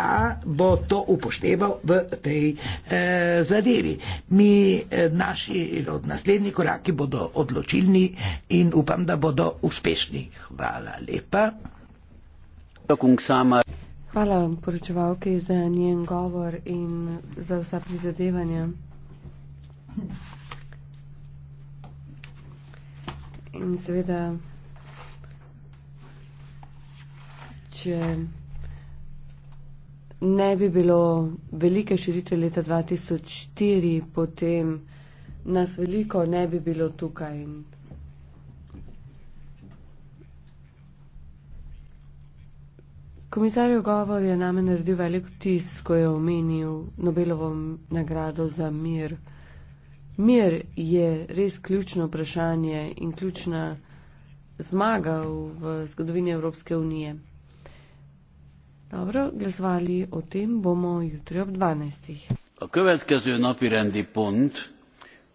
ta bo to upošteval v tej eh, zadevi. Mi, eh, naši od naslednji koraki bodo odločilni in upam, da bodo uspešni. Hvala lepa. Hvala poročevalki za njen govor in za vsa prizadevanja. In seveda, če ne bi bilo velike širitve leta 2004, potem nas veliko ne bi bilo tukaj. Komisarjev govor je name naredil velik vtis, ko je omenil Nobelovo nagrado za mir. Mir je res ključno vprašanje in ključna zmaga v zgodovini Evropske unije. Dobro, glasovali o tem bomo jutri ob 12. A következő napi rendi pont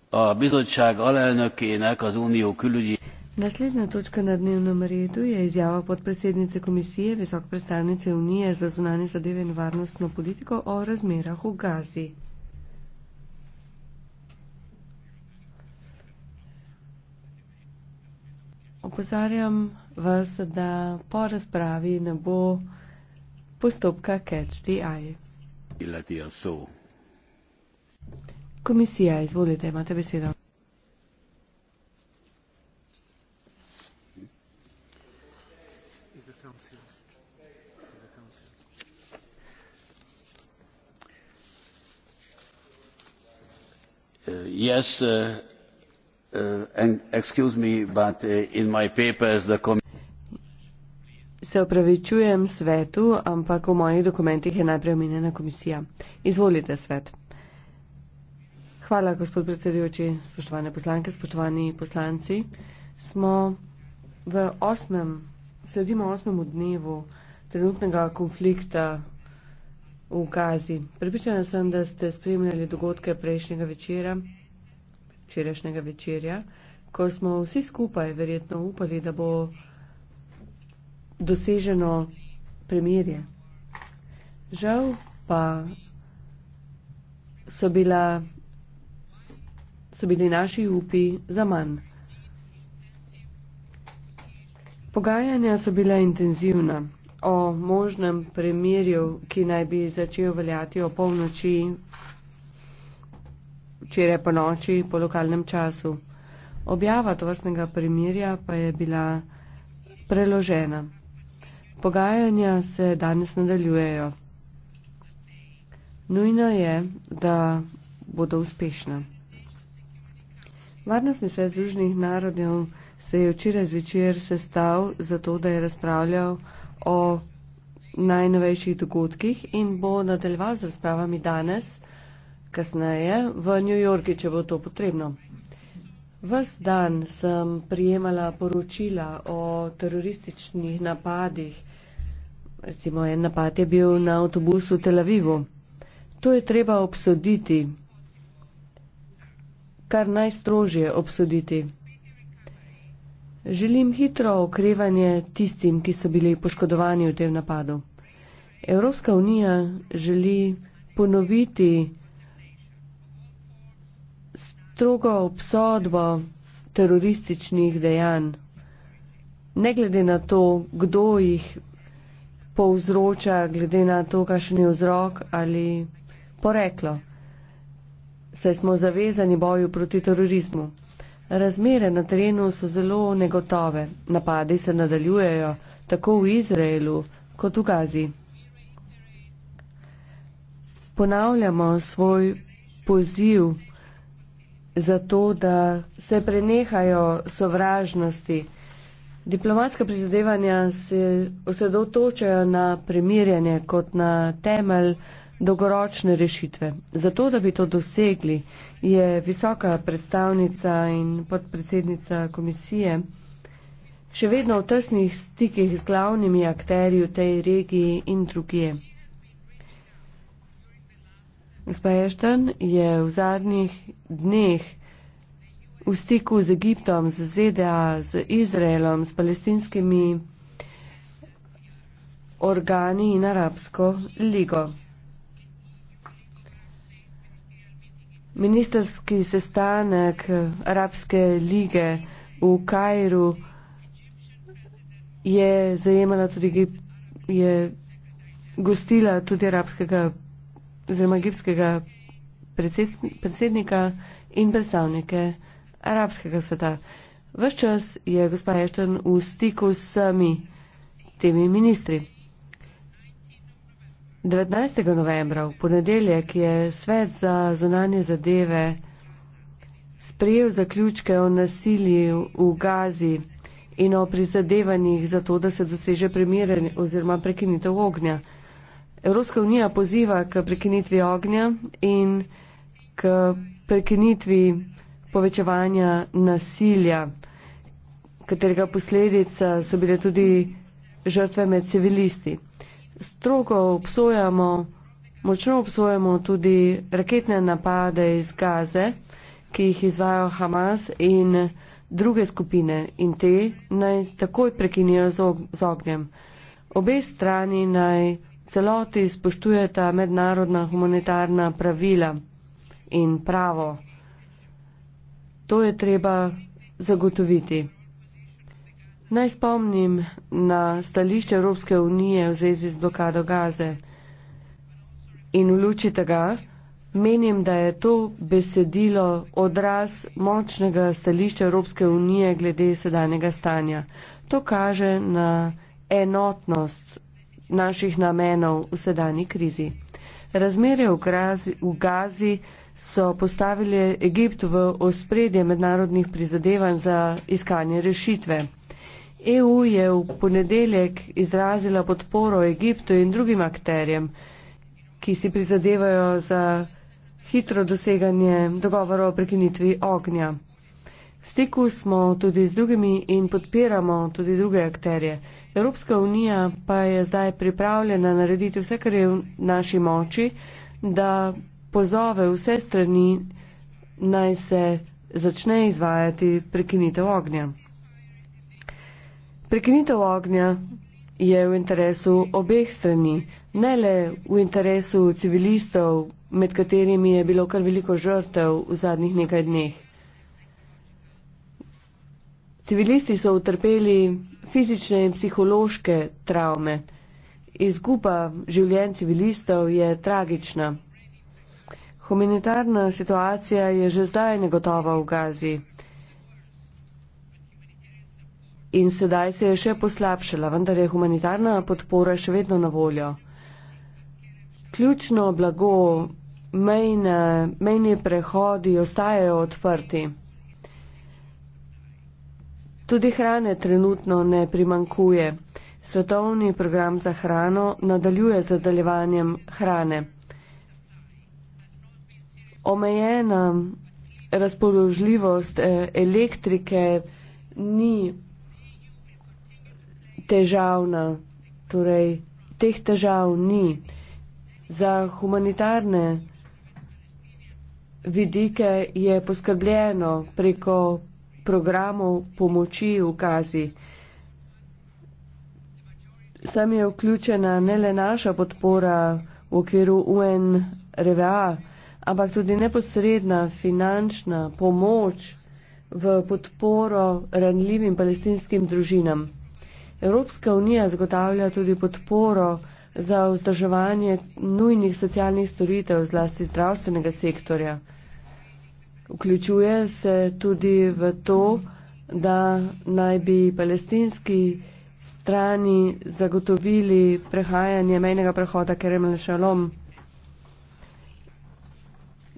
a bizottság alelnökének az unió külügyi. Naslednja točka na dnevnem redu je izjava podpredsednice komisije, visok predstavnice Unije za zunanje zadeve in varnostno politiko o razmerah v Gazi. Opozarjam vas, da po razpravi ne bo postopka CatchDI. Komisija, izvolite, imate besedo. Uh, yes, uh, uh, and excuse me, but uh, in my papers, the Commission. Se opravičujem svetu, ampak v mojih dokumentih je najprej omenjena komisija. Izvolite svet. Hvala, gospod predsedujoči, spoštovane poslanke, spoštovani poslanci. Smo v osmem, sledimo osmemu dnevu trenutnega konflikta v Gazi. Pripričana sem, da ste spremljali dogodke prejšnjega večera, včerajšnjega večerja, ko smo vsi skupaj verjetno upali, da bo doseženo premirje. Žal pa so, bila, so bili naši upi za manj. Pogajanja so bila intenzivna o možnem premirju, ki naj bi začel veljati o polnoči, včeraj po noči po lokalnem času. Objava tovrstnega premirja pa je bila preložena. Pogajanja se danes nadaljujejo. Nujno je, da bodo uspešna. Varnostni svet Združenih narodov se je včeraj zvečer sestal zato, da je razpravljal o najnovejših dogodkih in bo nadaljeval z razpravami danes, kasneje v New Yorku, če bo to potrebno. Ves dan sem prijemala poročila o terorističnih napadih. Recimo, en napad je bil na avtobusu v Tel Avivu. To je treba obsoditi, kar najstrožje obsoditi. Želim hitro okrevanje tistim, ki so bili poškodovani v tem napadu. Evropska unija želi ponoviti strogo obsodbo terorističnih dejanj, ne glede na to, kdo jih povzroča, glede na to, kakšen je vzrok ali poreklo. Saj smo zavezani boju proti terorizmu. Razmere na terenu so zelo negotove. Napadi se nadaljujejo tako v Izraelu kot v Gazi. Ponavljamo svoj poziv zato, da se prenehajo sovražnosti. Diplomatska prizadevanja se osredotočajo na premirjanje kot na temelj dolgoročne rešitve. Zato, da bi to dosegli, je visoka predstavnica in podpredsednica komisije še vedno v tesnih stikih z glavnimi akterji v tej regiji in drugije. Gospa Ešten je v zadnjih dneh v stiku z Egiptom, z ZDA, z Izraelom, s palestinskimi organi in arabsko ligo. Ministerski sestanek Arabske lige v Kajru je zajemala tudi, je gostila tudi arabskega oziroma egipskega predsednika in predstavnike arabskega sveta. Ves čas je gospa Ešten v stiku s sami temi ministri. 19. novembra v ponedeljek je svet za zonanje zadeve sprejel zaključke o nasilju v Gazi in o prizadevanjih za to, da se doseže premirenje oziroma prekinitev ognja. Evropska unija poziva k prekinitvi ognja in k prekinitvi povečevanja nasilja, katerega posledica so bile tudi žrtve med civilisti. Stroko obsojamo, močno obsojamo tudi raketne napade iz Gaze, ki jih izvajo Hamas in druge skupine in te naj takoj prekinijo z ognjem. Obe strani naj celoti spoštujeta mednarodna humanitarna pravila in pravo. To je treba zagotoviti. Naj spomnim na stališče Evropske unije v zvezi z blokado gaze in v luči tega menim, da je to besedilo odraz močnega stališča Evropske unije glede sedanjega stanja. To kaže na enotnost naših namenov v sedanji krizi. Razmere v, grazi, v Gazi so postavili Egipt v ospredje mednarodnih prizadevanj za iskanje rešitve. EU je v ponedeljek izrazila podporo Egiptu in drugim akterjem, ki si prizadevajo za hitro doseganje dogovora o prekinitvi ognja stiku smo tudi z drugimi in podpiramo tudi druge akterje. Evropska unija pa je zdaj pripravljena narediti vse, kar je v naši moči, da pozove vse strani naj se začne izvajati prekinitev ognja. Prekinitev ognja je v interesu obeh strani, ne le v interesu civilistov, med katerimi je bilo kar veliko žrtev v zadnjih nekaj dneh. Civilisti so utrpeli fizične in psihološke travme. Izguba življenj civilistov je tragična. Humanitarna situacija je že zdaj negotova v Gazi. In sedaj se je še poslabšala, vendar je humanitarna podpora še vedno na voljo. Ključno blago, mejne, mejni prehodi ostajajo odprti. Tudi hrane trenutno ne primankuje. Svetovni program za hrano nadaljuje z zadaljevanjem hrane. Omejena razpoložljivost eh, elektrike ni težavna, torej teh težav ni. Za humanitarne vidike je poskrbljeno preko programov pomoči v Gazi. Sam je vključena ne le naša podpora v okviru UNRWA, ampak tudi neposredna finančna pomoč v podporo ranljivim palestinskim družinam. Evropska unija zagotavlja tudi podporo za vzdrževanje nujnih socialnih storitev, zlasti zdravstvenega sektorja. Vključuje se tudi v to, da naj bi palestinski strani zagotovili prehajanje mejnega prehoda Keremel Šalom.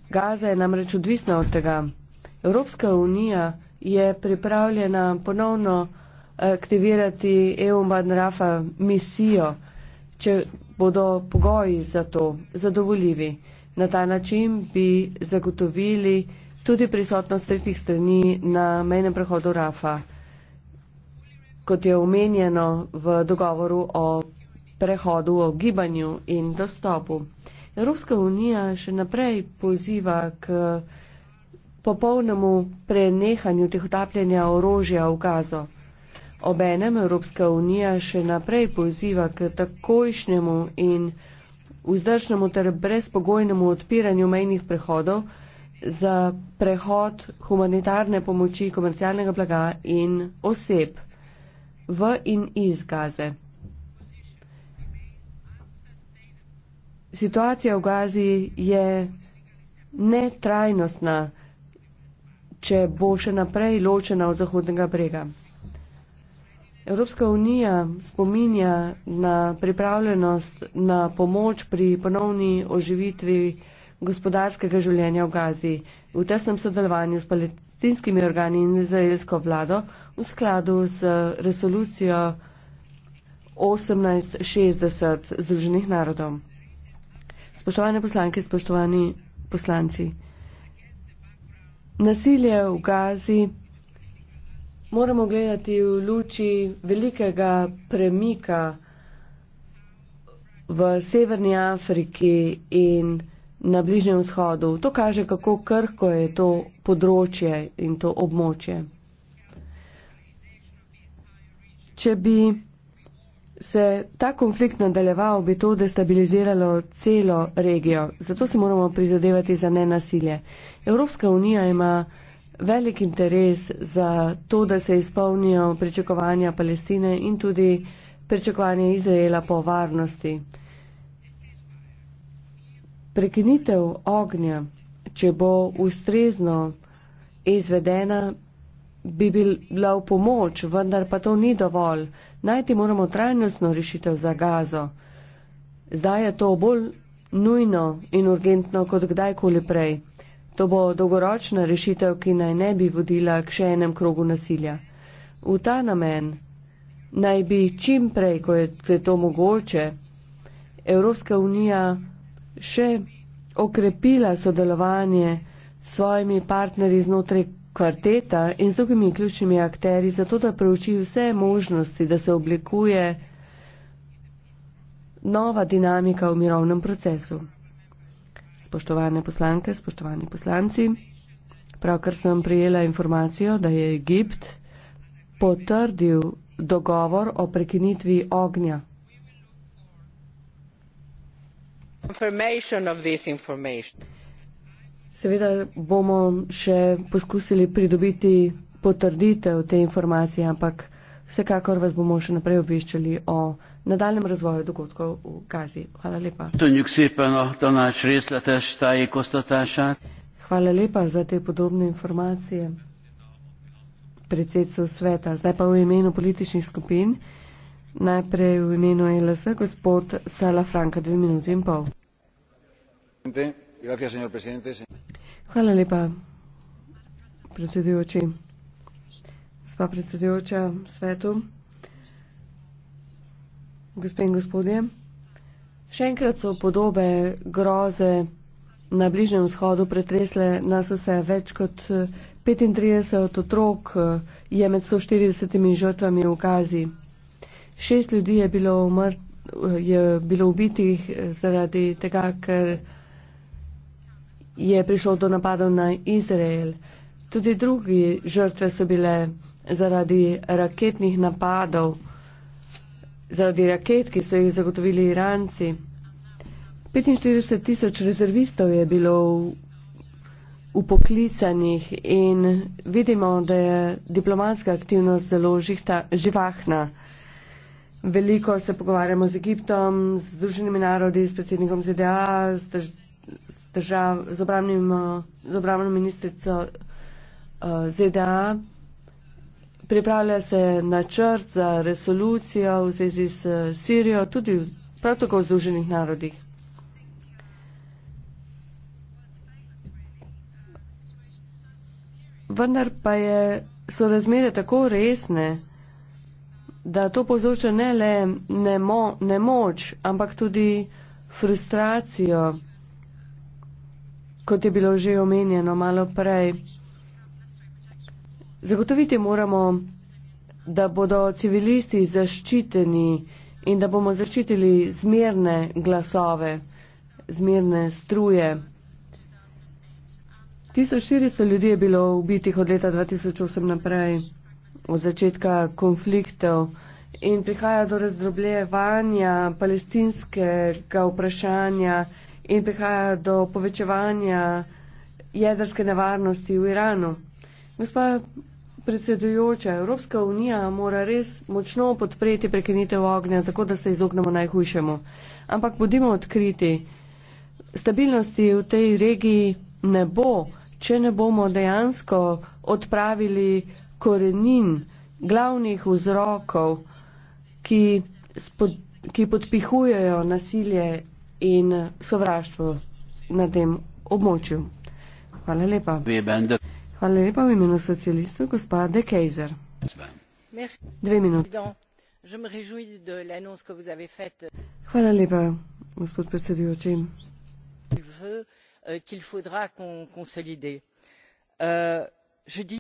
Gaza je namreč odvisna od tega. Evropska unija je pripravljena ponovno aktivirati EU Ban Rafa misijo, če bodo pogoji za to zadovoljivi. Na ta način bi zagotovili, tudi prisotnost tretjih strani na mejnem prehodu Rafa, kot je omenjeno v dogovoru o prehodu, o gibanju in dostopu. Evropska unija še naprej poziva k popolnemu prenehanju teh utapljanja orožja v gazo. Obenem Evropska unija še naprej poziva k takojšnjemu in vzdržnemu ter brezpogojnemu odpiranju mejnih prehodov, za prehod humanitarne pomoči komercialnega blaga in oseb v in iz Gaze. Situacija v Gazi je netrajnostna, če bo še naprej ločena od Zahodnega brega. Evropska unija spominja na pripravljenost na pomoč pri ponovni oživitvi gospodarskega življenja v Gazi v tesnem sodelovanju s palestinskimi organi in izraelsko vlado v skladu z resolucijo 1860 Združenih narodov. Spoštovane poslanke, spoštovani poslanci, nasilje v Gazi moramo gledati v luči velikega premika v Severni Afriki in na Bližnjem vzhodu. To kaže, kako krhko je to področje in to območje. Če bi se ta konflikt nadaljeval, bi to destabiliziralo celo regijo. Zato si moramo prizadevati za nenasilje. Evropska unija ima velik interes za to, da se izpolnijo pričakovanja Palestine in tudi pričakovanja Izraela po varnosti. Prekinitev ognja, če bo ustrezno izvedena, bi bila v pomoč, vendar pa to ni dovolj. Najti moramo trajnostno rešitev za gazo. Zdaj je to bolj nujno in urgentno kot kdajkoli prej. To bo dolgoročna rešitev, ki naj ne bi vodila k še enem krogu nasilja. V ta namen naj bi čim prej, ko je to mogoče, Evropska unija še okrepila sodelovanje s svojimi partnerji znotraj kvarteta in z drugimi ključnimi akteri, zato da preuči vse možnosti, da se oblikuje nova dinamika v mirovnem procesu. Spoštovane poslanke, spoštovani poslanci, pravkar sem prijela informacijo, da je Egipt potrdil dogovor o prekinitvi ognja. Seveda bomo še poskusili pridobiti potrditev te informacije, ampak vsekakor vas bomo še naprej obveščali o nadaljem razvoju dogodkov v Gazi. Hvala lepa. Hvala lepa za te podobne informacije predsedstvo sveta. Zdaj pa v imenu političnih skupin, najprej v imenu LS, gospod Sala Franka, dve minuti in pol señor presidente hvala lepa predsedujoči gospa predsedujoča svetu gospe in gospodje še enkrat so podobe groze na bližnjem vzhodu pretresle nas vse več kot 35 otrok je med 140 žrtvami v Gazi. Šest ljudi je bilo, umr, je bilo ubitih eh, zaradi tega, ker je prišel do napadov na Izrael. Tudi drugi žrtve so bile zaradi raketnih napadov, zaradi raket, ki so jih zagotovili Iranci. 45 tisoč rezervistov je bilo upoklicanih in vidimo, da je diplomatska aktivnost zelo žihta, živahna. Veliko se pogovarjamo z Egiptom, z Združenimi narodi, s predsednikom ZDA, z, drž, z držav, z, obravnim, eh, z obravnim ministrico uh, eh, ZDA. Pripravlja se načrt za resolucijo v zvezi s eh, Sirijo, tudi v, prav tako v Združenih narodih. Vendar pa je, so razmere tako resne, da to povzroča ne le nemo, nemoč, ampak tudi frustracijo kot je bilo že omenjeno malo prej. Zagotoviti moramo, da bodo civilisti zaščiteni in da bomo zaščitili zmerne glasove, zmerne struje. 1400 ljudi je bilo ubitih od leta 2008 naprej, od začetka konfliktov in prihaja do razdrobljevanja palestinskega vprašanja in prihaja do povečevanja jedrske nevarnosti v Iranu. Gospa predsedujoča, Evropska unija mora res močno podpreti prekinitev ognja, tako da se izognemo najhujšemu. Ampak bodimo odkriti, stabilnosti v tej regiji ne bo, če ne bomo dejansko odpravili korenin glavnih vzrokov, ki, spod, ki podpihujejo nasilje in sovraštvo na tem območju. Hvala lepa. Hvala lepa v imenu socialistov, gospa De Kejzer. Dve minuti. Hvala lepa, gospod predsedujoči. Euh, qu'il faudra qu'on consolide. Euh,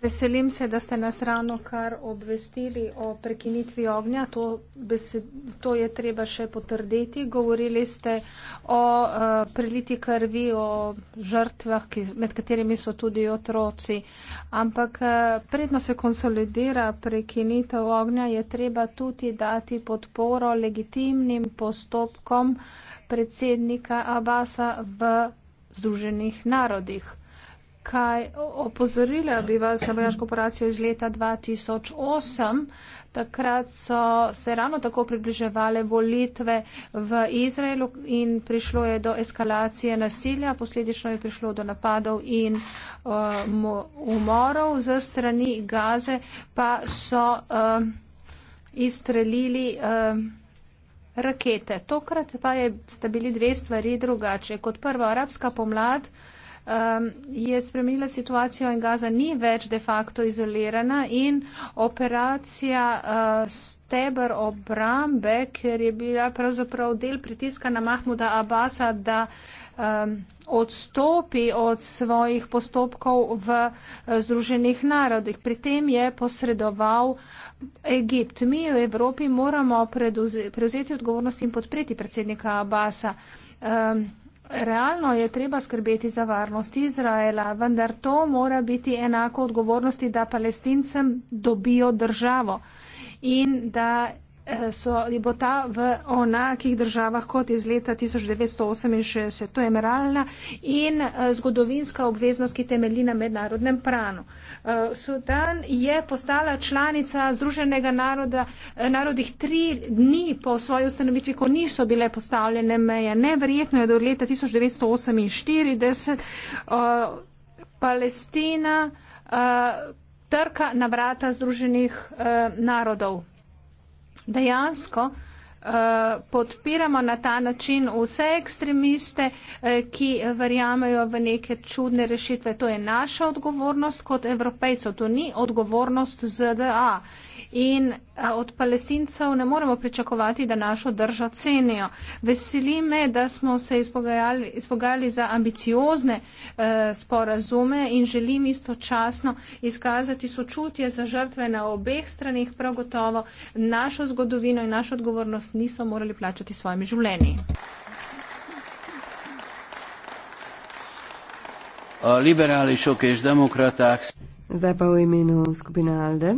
Veselim se, da ste nas ravno kar obvestili o prekinitvi ognja. To, besed, to je treba še potrditi. Govorili ste o uh, eh, priliti krvi, o žrtvah, ki, med katerimi so tudi otroci. Ampak uh, eh, predno se konsolidira prekinitev ognja, je treba tudi dati podporo legitimnim postopkom predsednika Abasa v Združenih narodih kaj opozorila bi vas na vojaško operacijo iz leta 2008. Takrat so se ravno tako približevale volitve v Izraelu in prišlo je do eskalacije nasilja, posledično je prišlo do napadov in um, umorov z strani Gaze, pa so um, izstrelili. Um, Rakete. Tokrat pa je, sta bili dve stvari drugače. Kot prvo, arabska pomlad uh, um, je spremenila situacijo in Gaza ni več de facto izolirana in operacija uh, steber obrambe, ker je bila pravzaprav del pritiska na Mahmuda Abasa, da um, odstopi od svojih postopkov v eh, Združenih narodih. Pri tem je posredoval Egipt. Mi v Evropi moramo prevzeti odgovornost in podpreti predsednika Abasa. Um, Realno je treba skrbeti za varnost Izraela, vendar to mora biti enako odgovornosti, da palestincem dobijo državo in da Eh, so ljubota v onakih državah, kot iz leta 1968. To je meralna in eh, zgodovinska obveznost, ki temelji na mednarodnem pranu. Eh, Sudan je postala članica Združenega naroda, narodih tri dni po svoji ustanovitvi, ko niso bile postavljene meje. Neverjetno je do leta 1948 Palestina trka na vrata Združenih narodov dejansko eh, podpiramo na ta način vse ekstremiste, eh, ki verjamejo v neke čudne rešitve. To je naša odgovornost kot evropejcev, to ni odgovornost ZDA in od palestincev ne moremo pričakovati, da našo držo cenijo. Veseli me, da smo se izpogajali za ambiciozne e, sporazume in želim istočasno izkazati sočutje za žrtve na obeh stranih, prav gotovo našo zgodovino in našo odgovornost niso morali plačati svojimi življenji. Liberali, šokež, demokrati. Zdaj pa v imenu skupine Alde.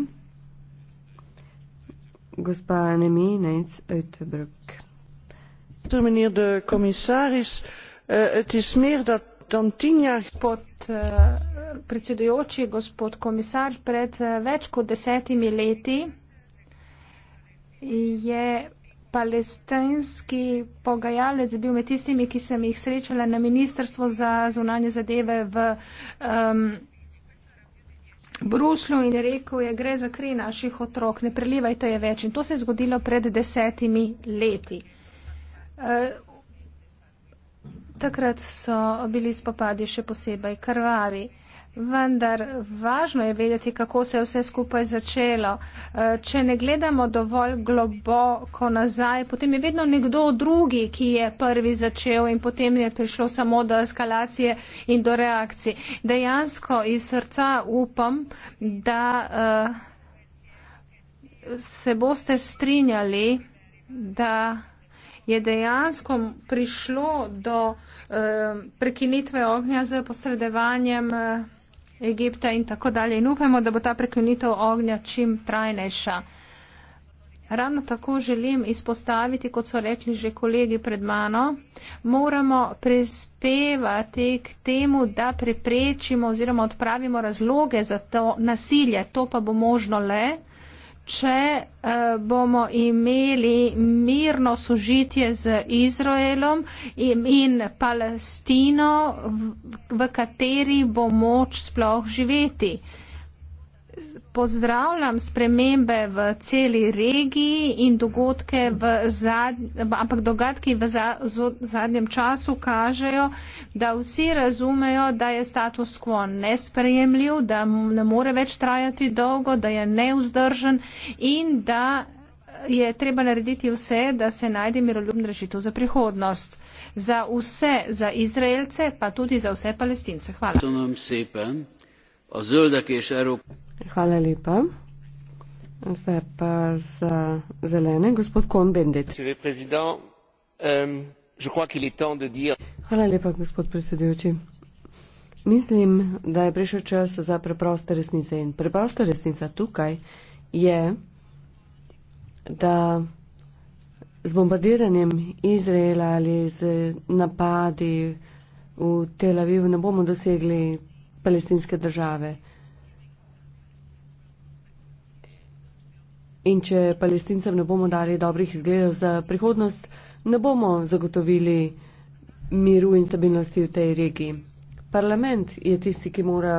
Gospa Anemi Neins Uitbroek. Meneer de commissaris, eh, het is meer dat dan tien jaar. Gospod eh, predsedujoči, gospod komisar, pred eh, več kot desetimi leti je palestinski pogajalec bil med tistimi, ki sem jih srečala na Ministrstvu za zunanje zadeve v. Um, Bruslju in rekel je, gre za kri naših otrok, ne prelivajte je več. In to se je zgodilo pred desetimi leti. Eh, takrat so bili spopadi še posebej krvavi. Vendar važno je vedeti, kako se je vse skupaj začelo. E, če ne gledamo dovolj globoko nazaj, potem je vedno nekdo drugi, ki je prvi začel in potem je prišlo samo do eskalacije in do reakcij. Dejansko iz srca upam, da e, se boste strinjali, da je dejansko prišlo do e, prekinitve ognja z posredovanjem. Egipta in tako dalje. In upamo, da bo ta prekinitev ognja čim trajnejša. Ravno tako želim izpostaviti, kot so rekli že kolegi pred mano, moramo prispevati k temu, da preprečimo oziroma odpravimo razloge za to nasilje. To pa bo možno le, če eh, bomo imeli mirno sožitje z Izraelom in, in Palestino, v, v kateri bo moč sploh živeti pozdravljam spremembe v celi regiji in dogodke v zadnjem, ampak dogodki v zadnjem času kažejo, da vsi razumejo, da je status quo nesprejemljiv, da ne more več trajati dolgo, da je neuzdržen in da je treba narediti vse, da se najde miroljubno rešitev za prihodnost. Za vse, za Izraelce, pa tudi za vse palestince. Hvala. Hvala lepa. Zdaj pa za zelene, gospod Kon Bendit. Euh, Hvala lepa, gospod predsedujoči. Mislim, da je prišel čas za preproste resnice in preprosta resnica tukaj je, da z bombardiranjem Izraela ali z napadi v Tel Avivu ne bomo dosegli palestinske države. In če palestincem ne bomo dali dobrih izgledov za prihodnost, ne bomo zagotovili miru in stabilnosti v tej regiji. Parlament je tisti, ki mora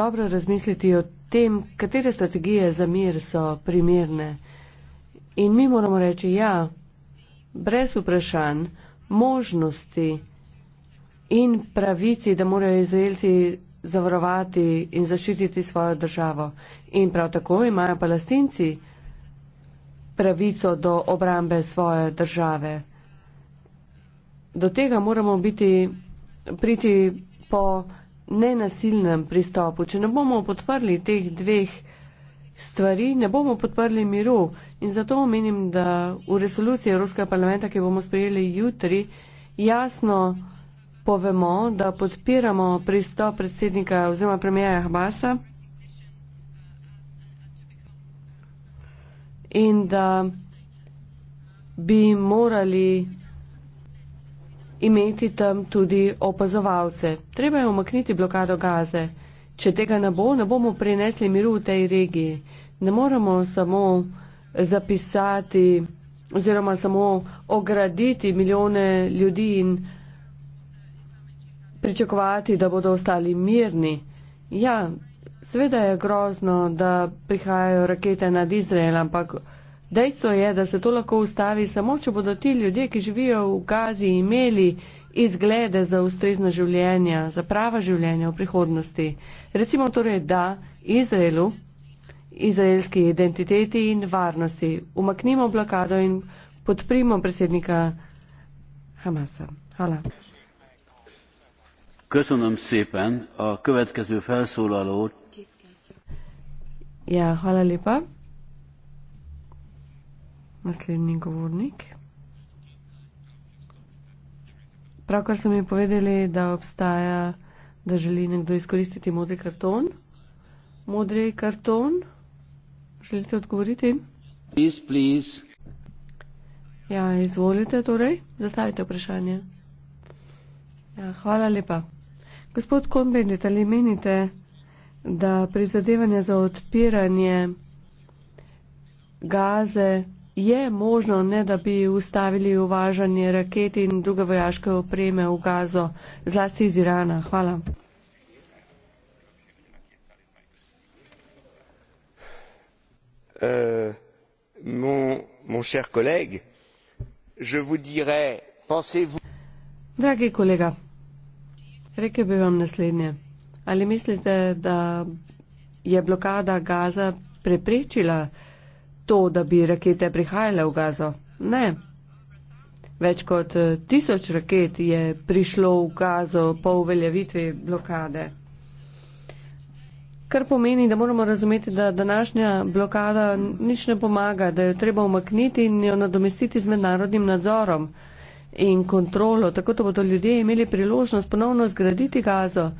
dobro razmisliti o tem, katere strategije za mir so primerne. In mi moramo reči ja, brez vprašanj, možnosti in pravici, da morajo izraelci zavarovati in zaščititi svojo državo. In prav tako imajo palestinci pravico do obrambe svoje države. Do tega moramo biti, priti po nenasilnem pristopu. Če ne bomo podprli teh dveh stvari, ne bomo podprli miru. In zato menim, da v resoluciji Evropskega parlamenta, ki bomo sprejeli jutri, jasno povemo, da podpiramo pristop predsednika oziroma premijeja Habasa in da bi morali imeti tam tudi opazovalce. Treba je omakniti blokado gaze. Če tega ne bo, ne bomo prinesli miru v tej regiji. Ne moramo samo zapisati oziroma samo ograditi milijone ljudi in pričakovati, da bodo ostali mirni. Ja, seveda je grozno, da prihajajo rakete nad Izrael, ampak dejstvo je, da se to lahko ustavi samo, če bodo ti ljudje, ki živijo v Gazi, imeli izglede za ustrezno življenje, za prava življenje v prihodnosti. Recimo torej, da Izraelu, izraelski identiteti in varnosti, umaknimo blokado in podprimo predsednika Hamasa. Hvala. Ja, hvala lepa. Naslednji govornik. Pravkar so mi povedali, da obstaja, da želi nekdo izkoristiti modri karton. Modri karton, želite odgovoriti? Please, please. Ja, izvolite torej, zastavite vprašanje. Ja, hvala lepa. Gospod Kombenit, ali menite, da prizadevanje za odpiranje gaze je možno, ne da bi ustavili uvažanje raket in druge vojaške opreme v gazo, zlasti iz Irana? Hvala. Uh, mon, mon cher collègue, je vous dirais, pensez-vous. Dragi kolega, Rekel bi vam naslednje. Ali mislite, da je blokada Gaza preprečila to, da bi rakete prihajale v Gazo? Ne. Več kot eh, tisoč raket je prišlo v Gazo po uveljavitvi blokade. Kar pomeni, da moramo razumeti, da današnja blokada nič ne pomaga, da jo treba umakniti in jo nadomestiti z mednarodnim nadzorom in kontrolo, tako da bodo ljudje imeli priložnost ponovno zgraditi gazo.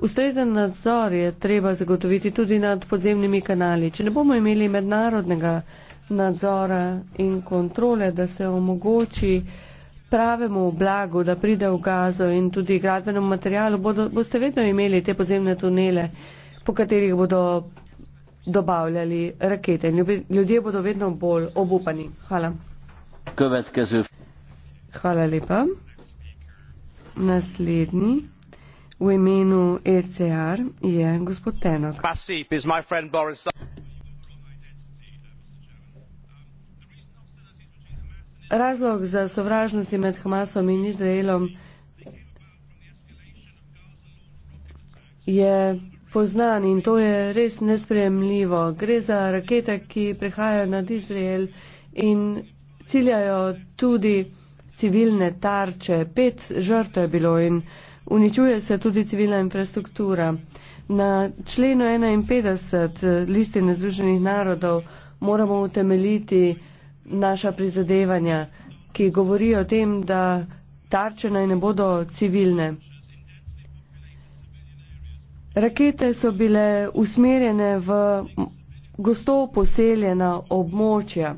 Ustrezen nadzor je treba zagotoviti tudi nad podzemnimi kanali. Če ne bomo imeli mednarodnega nadzora in kontrole, da se omogoči pravemu blagu, da pride v gazo in tudi gradbenemu materialu, bodo, boste vedno imeli te podzemne tunele, po katerih bodo dobavljali rakete. Ljubi, ljudje bodo vedno bolj obupani. Hvala. Következő. Hvala lepa. Naslednji v imenu ECR je gospod Tenok. Razlog za sovražnosti med Hamasom in Izraelom je poznan in to je res nespremljivo. Gre za rakete, ki prihajajo nad Izrael in ciljajo tudi civilne tarče, pet žrtev je bilo in uničuje se tudi civilna infrastruktura. Na členu 51 listine Združenih narodov moramo utemeliti naša prizadevanja, ki govorijo o tem, da tarče naj ne bodo civilne. Rakete so bile usmerjene v gosto poseljena območja.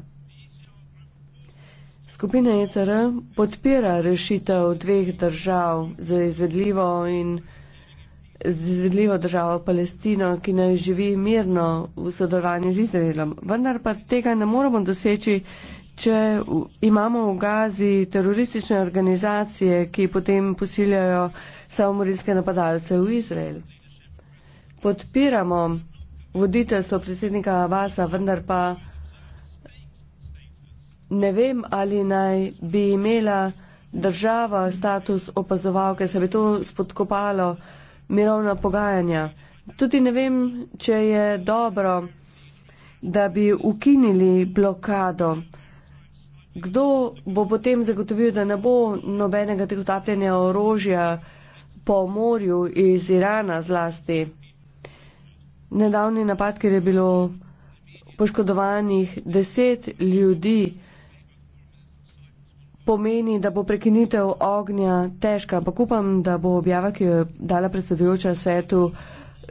Skupina ECR podpira rešitev dveh držav za izvedljivo in izvedljivo državo Palestino, ki naj živi mirno v sodelovanju z Izraelom. Vendar pa tega ne moremo doseči, če imamo v Gazi teroristične organizacije, ki potem posiljajo samomorilske napadalce v Izrael. Podpiramo voditeljstvo predsednika Abasa, vendar pa ne vem, ali naj bi imela država status opazovalke, se bi to spodkopalo mirovna pogajanja. Tudi ne vem, če je dobro, da bi ukinili blokado. Kdo bo potem zagotovil, da ne bo nobenega tegotapljanja orožja po morju iz Irana zlasti? Nedavni napad, ker je bilo poškodovanih deset ljudi, pomeni, da bo prekinitev ognja težka, ampak upam, da bo objava, ki jo je dala predsedujoča svetu,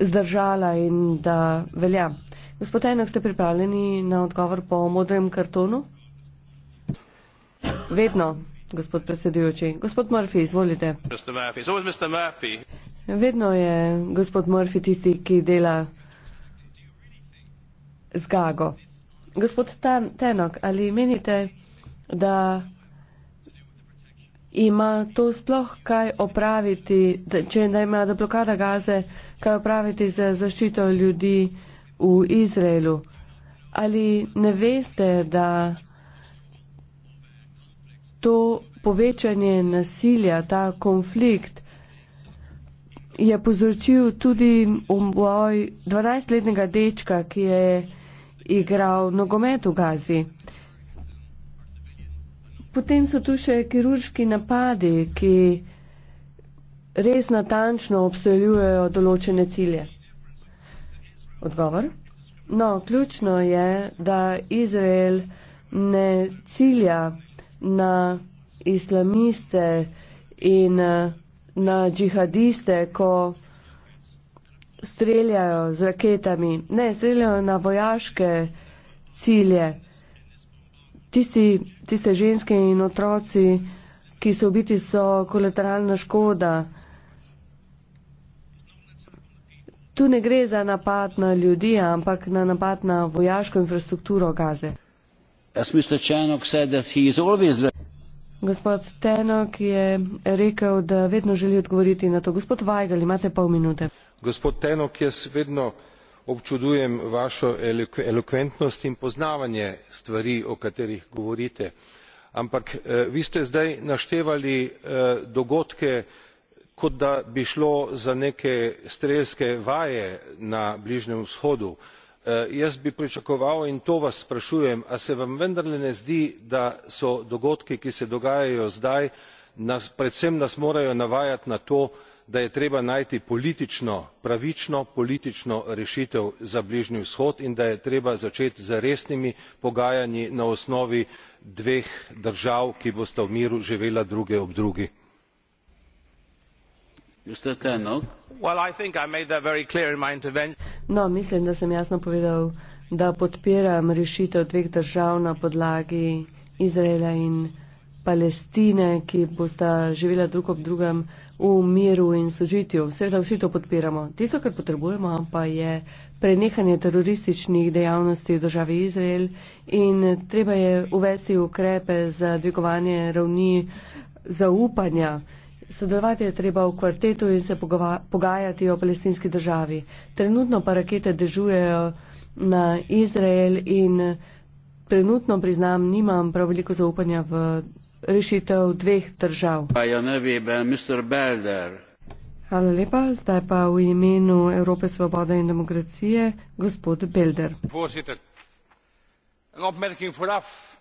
zdržala in da velja. Gospod Enak, ste pripravljeni na odgovor po modrem kartonu? Vedno, gospod predsedujoči. Gospod Murphy, izvolite. Mr. Murphy. Vedno je gospod Murphy tisti, ki dela zgago. Gospod Tenok, ali menite, da ima to sploh kaj opraviti, če da ima do blokada gaze, kaj opraviti za zaščito ljudi v Izraelu? Ali ne veste, da to povečanje nasilja, ta konflikt je povzročil tudi umboj 12-letnega dečka, ki je igral nogomet v Gazi? Potem so tu še kirurški napadi, ki res natančno obstreljujejo določene cilje. Odgovor? No, ključno je, da Izrael ne cilja na islamiste in na džihadiste, ko streljajo z raketami. Ne, streljajo na vojaške cilje tisti, tiste ženske in otroci, ki so v biti so kolateralna škoda. Tu ne gre za napad na ljudi, ampak na napad na vojaško infrastrukturo Gaze. Gospod Tenok je rekel, da vedno želi odgovoriti na to. Gospod Vajgal, imate pol minute. Gospod Tenok, jaz vedno občudujem vašo elokventnost in poznavanje stvari o katerih govorite ampak eh, vi ste zdaj naštevali eh, dogodke kot da bi šlo za neke strelske vaje na bližnjem vzhodu. Eh, jaz bi pričakoval in to vas sprašujem a se vam vendarle ne zdi da so dogodki ki se dogajajo zdaj nas predvsem nas morajo navajati na to da je treba najti politično pravično politično rešitev za bližnji vzhod in da je treba začeti z resnimi pogajanji na osnovi dveh držav ki bosta v miru živela druga ob drugi. No? no mislim da sem jasno povedal da podpiram rešitev dveh držav na podlagi izraela in palestine ki bosta živela drug ob drugem v miru in sožitju. Seveda vsi to podpiramo. Tisto, kar potrebujemo, pa je prenehanje terorističnih dejavnosti v državi Izrael in treba je uvesti ukrepe za dvigovanje ravni zaupanja. Sodelovati je treba v kvartetu in se pogajati o palestinski državi. Trenutno pa rakete držujejo na Izrael in trenutno priznam, nimam prav veliko zaupanja v rešitev dveh držav. Hvala lepa, zdaj pa v imenu Evrope svobode in demokracije, gospod Belder. Voorzitter, een opmerking vooraf.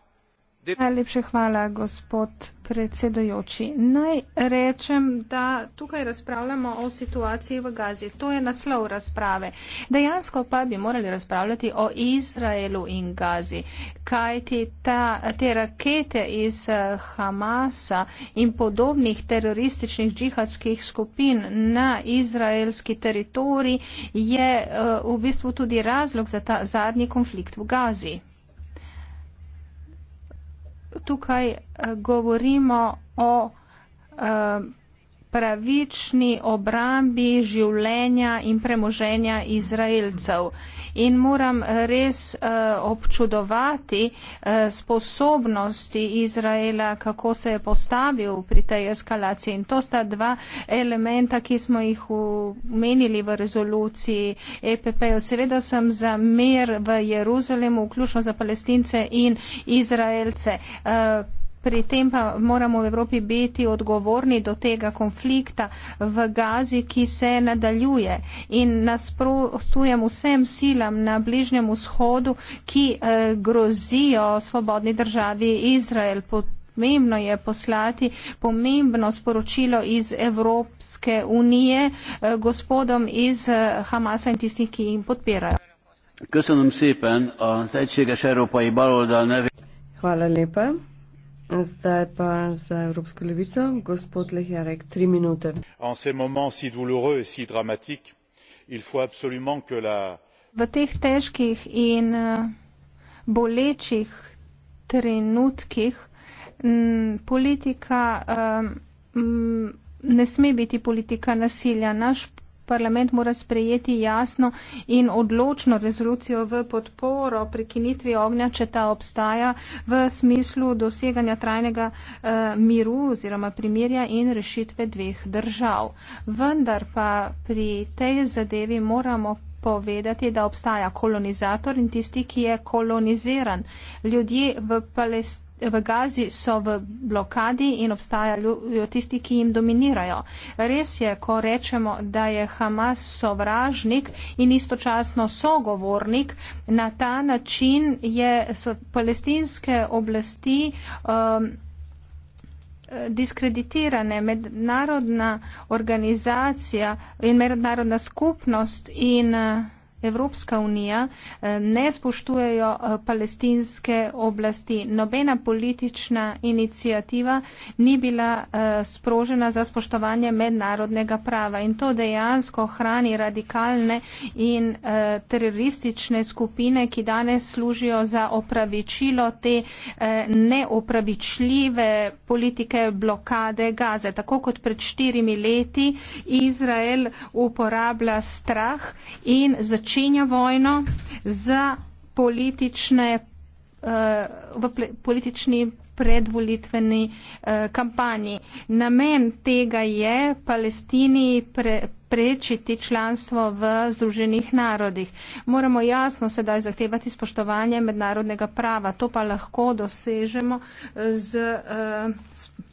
Najlepša hvala, gospod predsedojoči. Naj rečem, da tukaj razpravljamo o situaciji v Gazi. To je naslov razprave. Dejansko pa bi morali razpravljati o Izraelu in Gazi. Kaj ti te rakete iz Hamasa in podobnih terorističnih džihadskih skupin na izraelski teritorij je v bistvu tudi razlog za ta zadnji konflikt v Gazi tukaj eh, govorimo o eh, pravični obrambi življenja in premoženja Izraelcev. In moram res uh, občudovati uh, sposobnosti Izraela, kako se je postavil pri tej eskalaciji. In to sta dva elementa, ki smo jih umenili v rezoluciji EPP. Seveda sem za mir v Jeruzalemu, vključno za palestince in Izraelce. Uh, pri tem pa moramo v Evropi biti odgovorni do tega konflikta v Gazi, ki se nadaljuje in nasprotujem vsem silam na Bližnjem vzhodu, ki eh, grozijo svobodni državi Izrael. Pomembno je poslati pomembno sporočilo iz Evropske unije eh, gospodom iz eh, Hamasa in tistih, ki jim podpirajo. Köszönöm szépen az Egységes Európai Baloldal nevében. Hvala lépa. Zdaj pa za Evropsko levico, gospod Lehjarek, tri minute. En ces moments si douloureux et si dramatiques, il faut absolument que la. V teh težkih in eh, bolečih trenutkih m, politika eh, m, ne sme biti politika nasilja. Naš parlament mora sprejeti jasno in odločno rezolucijo v podporo prekinitvi ognja, če ta obstaja v smislu doseganja trajnega eh, miru oziroma primirja in rešitve dveh držav. Vendar pa pri tej zadevi moramo povedati, da obstaja kolonizator in tisti, ki je koloniziran. Ljudje v Palestini v Gazi so v blokadi in obstajajo tisti, ki jim dominirajo. Res je, ko rečemo, da je Hamas sovražnik in istočasno sogovornik, na ta način je, so palestinske oblasti um, diskreditirane, mednarodna organizacija in mednarodna skupnost in uh, Evropska unija eh, ne spoštujejo eh, palestinske oblasti. Nobena politična inicijativa ni bila eh, sprožena za spoštovanje mednarodnega prava in to dejansko hrani radikalne in teroristične skupine, ki danes služijo za opravičilo te neopravičljive politike blokade Gaze. Tako kot pred štirimi leti Izrael uporablja strah in začne začenja vojno za politične, eh, v politični predvolitveni eh, kampanji. Namen tega je Palestini pre, prečiti članstvo v Združenih narodih. Moramo jasno sedaj zahtevati spoštovanje mednarodnega prava. To pa lahko dosežemo z. z eh,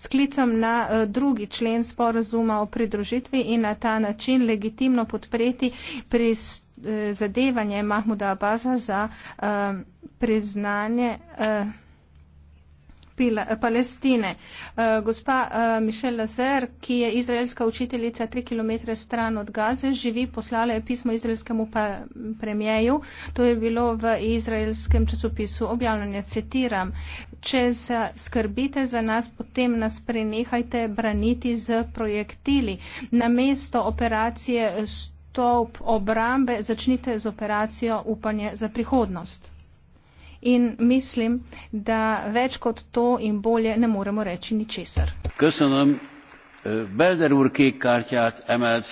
sklicom na drugi člen sporazuma o pridružitvi in na ta način legitimno podpreti pristop zadevanje Mahmuda Abaza za eh, priznanje eh, Palestine. Eh, gospa Mišel Lazer, ki je izraelska učiteljica tri kilometre stran od Gaze, živi, poslala je pismo izraelskemu premijeju. To je bilo v izraelskem časopisu objavljeno. Citiram, če se skrbite za nas, potem nas prenehajte braniti z projektili. Na mesto operacije 100 top obrambe začnite z operacijo upanje za prihodnost. In mislim, da več kot to in bolje ne moremo reči ničesar.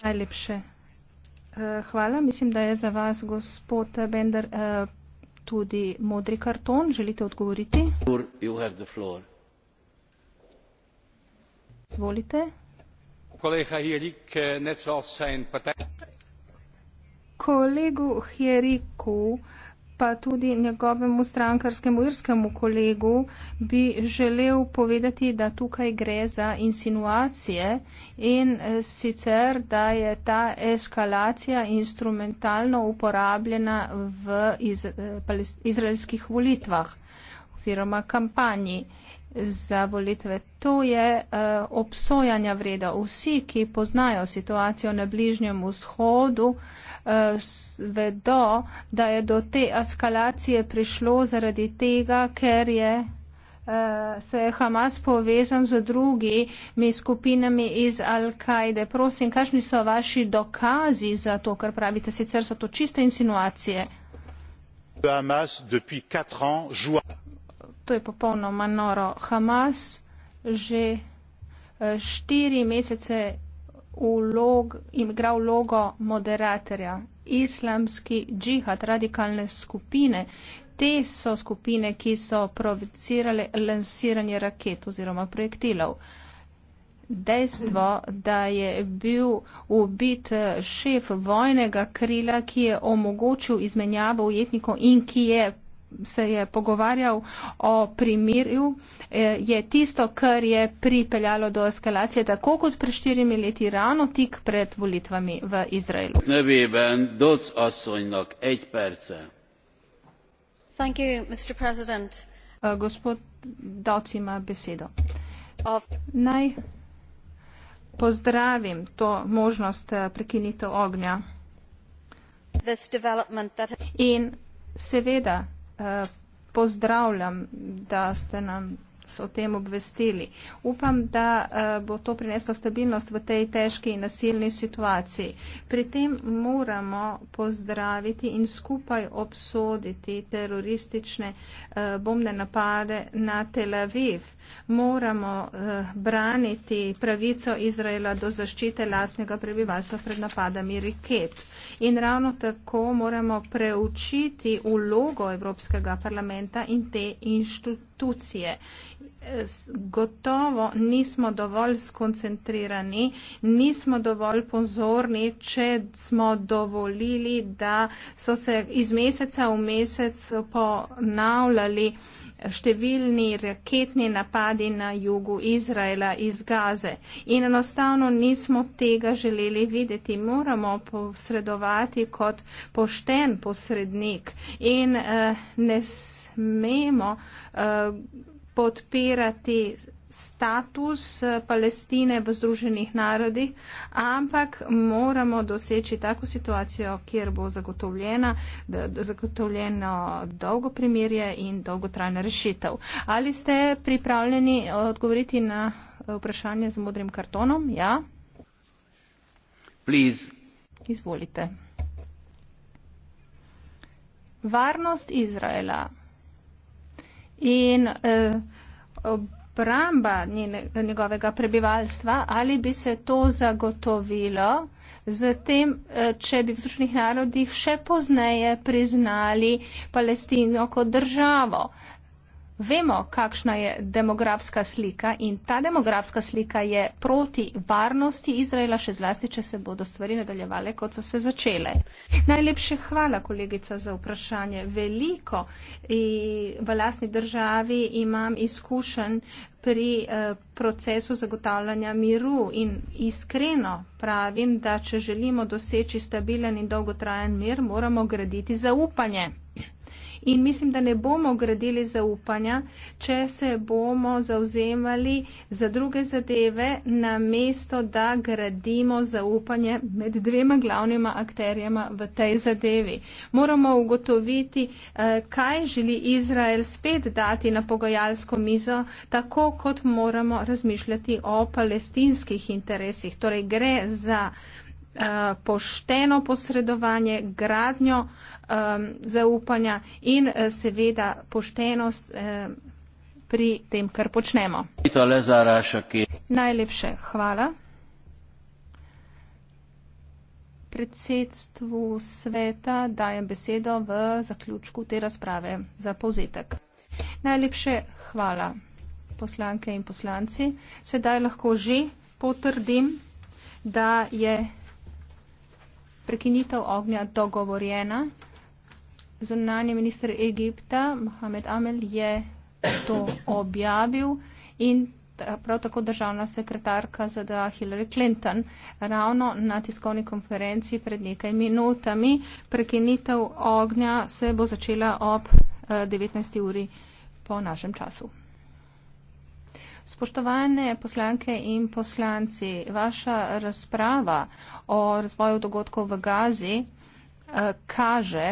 Najlepše. Eh, hvala. Mislim, da je za vas, gospod Bender, eh, tudi modri karton. Želite odgovoriti? Izvolite kolegu Hjeriku, pa tudi njegovemu strankarskemu irskemu kolegu, bi želel povedati, da tukaj gre za insinuacije in eh, sicer, da je ta eskalacija instrumentalno uporabljena v eh, izraelskih volitvah oziroma kampanji za volitve. To je uh, obsojanja vreda. Vsi, ki poznajo situacijo na Bližnjem vzhodu, uh, Eh, vedo, da je do te eskalacije prišlo zaradi tega, ker je eh, se je Hamas povezal z drugimi skupinami iz Al-Kaide. Prosim, kakšni so vaši dokazi za to, kar pravite? Sicer so to čiste insinuacije. Hamas ans, joua... To je popolnoma noro. Hamas že eh, štiri mesece vlog, igral vlogo moderatorja. Islamski džihad, radikalne skupine, te so skupine, ki so provocirale lansiranje raket oziroma projektilov. Dejstvo, da je bil ubit šef vojnega krila, ki je omogočil izmenjavo ujetnikov in ki je se je pogovarjal o primirju, eh, je tisto, kar je pripeljalo do eskalacije, tako kot pred štirimi leti, ravno tik pred volitvami v Izraelu. Thank you, Mr. President. Uh, gospod Doc ima besedo. Of. Naj pozdravim to možnost eh, prekinitev ognja. In seveda Eh, pozdravljam, da ste nam o tem obvestili. Upam, da eh, bo to prineslo stabilnost v tej težki in nasilni situaciji. Pri tem moramo pozdraviti in skupaj obsoditi teroristične eh, bombne napade na Tel Aviv. Moramo eh, braniti pravico Izraela do zaščite lastnega prebivalstva pred napadami riket. In ravno tako moramo preučiti vlogo Evropskega parlamenta in te inštitucije institucije. Gotovo nismo dovolj skoncentrirani, nismo dovolj pozorni, če smo dovolili, da so se iz meseca v mesec ponavljali številni raketni napadi na jugu Izraela iz Gaze. In enostavno nismo tega želeli videti. Moramo posredovati kot pošten posrednik in eh, ne smemo eh, podpirati status eh, Palestine v Združenih narodih, ampak moramo doseči tako situacijo, kjer bo zagotovljena, zagotovljeno dolgo primirje in dolgotrajna rešitev. Ali ste pripravljeni eh, odgovoriti na eh, vprašanje z modrim kartonom? Ja. Please. Izvolite. Varnost Izraela in eh, obramba njene, njegovega prebivalstva, ali bi se to zagotovilo z tem, eh, če bi v Združenih narodih še pozneje priznali Palestino kot državo. Vemo, kakšna je demografska slika in ta demografska slika je proti varnosti Izraela, še zlasti, če se bodo stvari nadaljevale, kot so se začele. Najlepše hvala, kolegica, za vprašanje. Veliko eh, v lastni državi imam izkušen pri eh, procesu zagotavljanja miru in iskreno pravim, da če želimo doseči stabilen in dolgotrajen mir, moramo graditi zaupanje. In mislim, da ne bomo gradili zaupanja, če se bomo zauzemali za druge zadeve, na mesto, da gradimo zaupanje med dvema glavnima akterjema v tej zadevi. Moramo ugotoviti, eh, kaj želi Izrael spet dati na pogojalsko mizo, tako kot moramo razmišljati o palestinskih interesih. Torej, gre za Eh, pošteno posredovanje, gradnjo zaupanja in eh, seveda poštenost pri tem, kar počnemo. Najlepše hvala. Predsedstvu sveta dajem besedo v zaključku te razprave za povzetek. Najlepše hvala, poslanke in poslanci. Sedaj lahko že potrdim, da je prekinitev ognja dogovorjena. Zunanji minister Egipta, Mohamed Amel, je to objavil in prav tako državna sekretarka ZDA Hillary Clinton ravno na tiskovni konferenci pred nekaj minutami. Prekinitev ognja se bo začela ob 19. Eh, uri po našem času. Spoštovane poslanke in poslanci, vaša razprava o razvoju dogodkov v Gazi eh, kaže,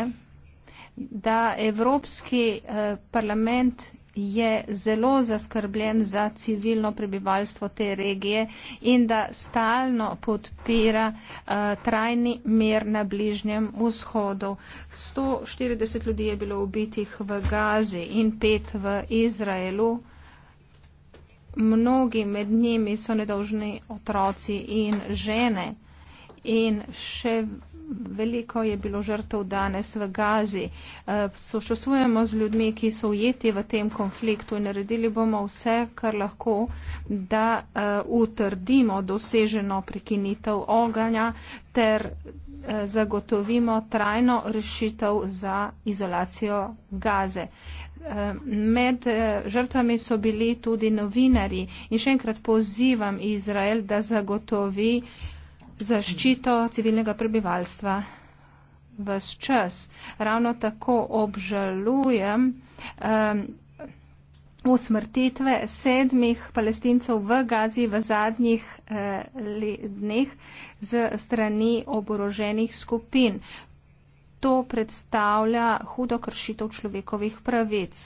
da Evropski eh, parlament je zelo zaskrbljen za civilno prebivalstvo te regije in da stalno podpira uh, trajni mir na Bližnjem vzhodu. 140 ljudi je bilo ubitih v Gazi in pet v Izraelu mnogi med njimi so nedolžni otroci in žene. In še veliko je bilo žrtev danes v Gazi. Eh, sočustvujemo z ljudmi, ki so ujeti v tem konfliktu in naredili bomo vse, kar lahko, da eh, utrdimo doseženo prekinitev oganja ter eh, zagotovimo trajno rešitev za izolacijo Gaze. Med eh, žrtvami so bili tudi novinari in še enkrat pozivam Izrael, da zagotovi zaščito civilnega prebivalstva. Ves čas. Ravno tako obžalujem um, usmrtitve sedmih palestincev v Gazi v zadnjih uh, dneh z strani oboroženih skupin to predstavlja hudo kršitev človekovih pravic.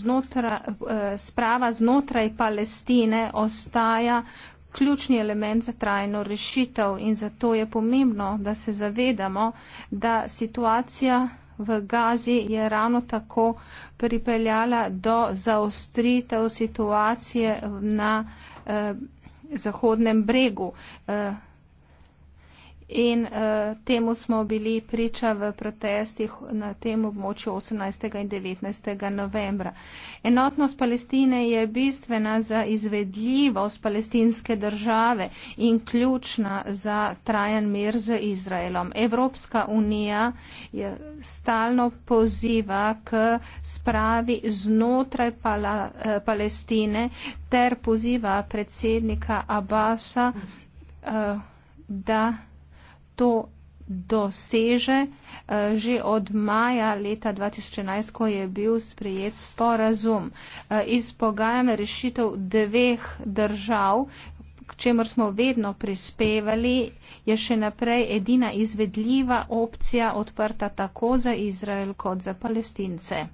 Znotra, eh, sprava znotraj Palestine ostaja ključni element za trajno rešitev in zato je pomembno, da se zavedamo, da situacija v Gazi je ravno tako pripeljala do zaostritev situacije na eh, Zahodnem bregu. Eh, in uh, temu smo bili priča v protestih na tem območju 18. in 19. novembra. Enotnost Palestine je bistvena za izvedljivost palestinske države in ključna za trajan mir z Izraelom. Evropska unija je stalno poziva k spravi znotraj pala, uh, Palestine ter poziva predsednika Abasa, uh, da to doseže eh, že od maja leta 2011, ko je bil sprejet sporazum. Eh, iz pogajanja rešitev dveh držav, k čemer smo vedno prispevali, je še naprej edina izvedljiva opcija odprta tako za Izrael kot za palestince. Eh,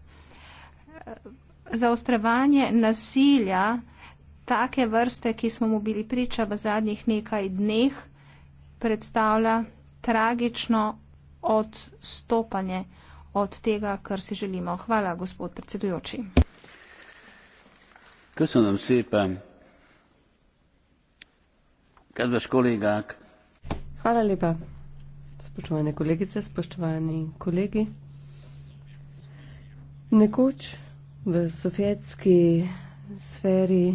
Zaostrevanje nasilja, take vrste, ki smo mu bili priča v zadnjih nekaj dneh, predstavlja tragično odstopanje od tega, kar si želimo. Hvala, gospod predsedujoči. Köszönöm szépen. Kedves kollégák! Hvala lepa, spoštovane kolegice, spoštovani kolegi. Nekoč v sovjetski sferi